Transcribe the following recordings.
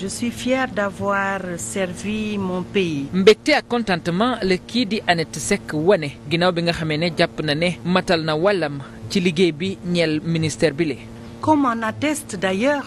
je suis fière d'avoir servi mon pays. mbégte ak contentement la kii di Annette Seck wane ginnaaw bi nga xamee ne jàpp na ne matal na wàllam ci liggéey bi ñeel ministère bi la. comme en atteste d'ailleurs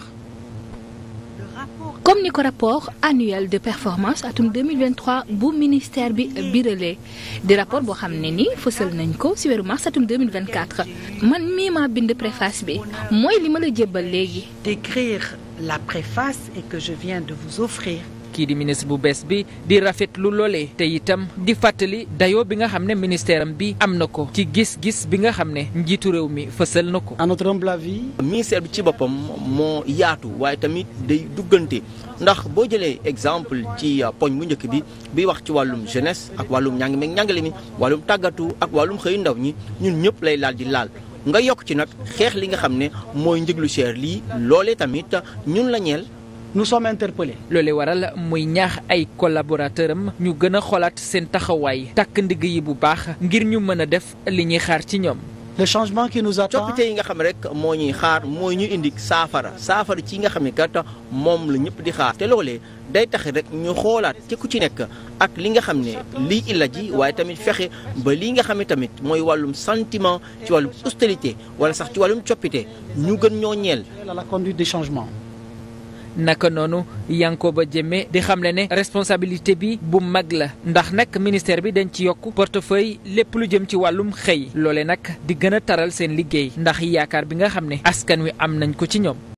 comme ni ko rapport annuel de performance atum 2023 bu ministère bi biralee di rapport boo xam ne ni fësal nañ ko ci weeru mars atum 2024 man mii maa bind préface bi mooy li ma la jébbal léegi. d'écrire la préface et que je viens de vous offrir. kii di ministre bu bees bi di rafetlu loolee te itam di fàttali dayoo bi nga xam ne ministère am bi am na ko ci gis-gis bi nga xam ne njiitu réew mi fësal na ko. à notre humble avis. bi ci boppam moo yaatu waaye tamit day duggante ndax boo jëlee exemple ci euh, poñ bu njëkk bi bi wax ci wàllum jeunesse ak wàllum ñàng meeg ñàngale mi wàllum tàggatu ak wàllum xëy ndaw ñi ñun ñëpp lay laal di laal. nga yokk ci nag xeex li nga xam ne mooy njëglu cher lii loole tamit ñun la ñeel nous sommes interpellés. loolee waral muy ñaax ay collaborateurs am ñu gën a xoolaat seen taxawaay takk ndigg yi bu baax ngir ñu mën a def li ñuy xaar ci ñoom. le changement qui nous coppite yi nga xam rek moo ñuy xaar moo ñu indi saafara saafara ci nga xam ne kat moom la ñëpp di xaar te loolee day tax rek ñu xoolaat ci ci nekk ak li nga xam ne lii illa ji waaye tamit fexe ba lii nga xam ne tamit mooy wàllum santiment ci wàllum austérité wala sax ci wàllum coppite ñu gën ñoo ñeel la conduite changement naka noonu ba Diémé di xamle ne responsabilité bi bu mag la ndax nag ministère bi dañ ci yokk portefeuille lépp lu jëm ci wàllum xëy loole nag di gën a taral seen liggéey ndax yaakaar bi nga xam ne askan wi am nañ ko ci ñoom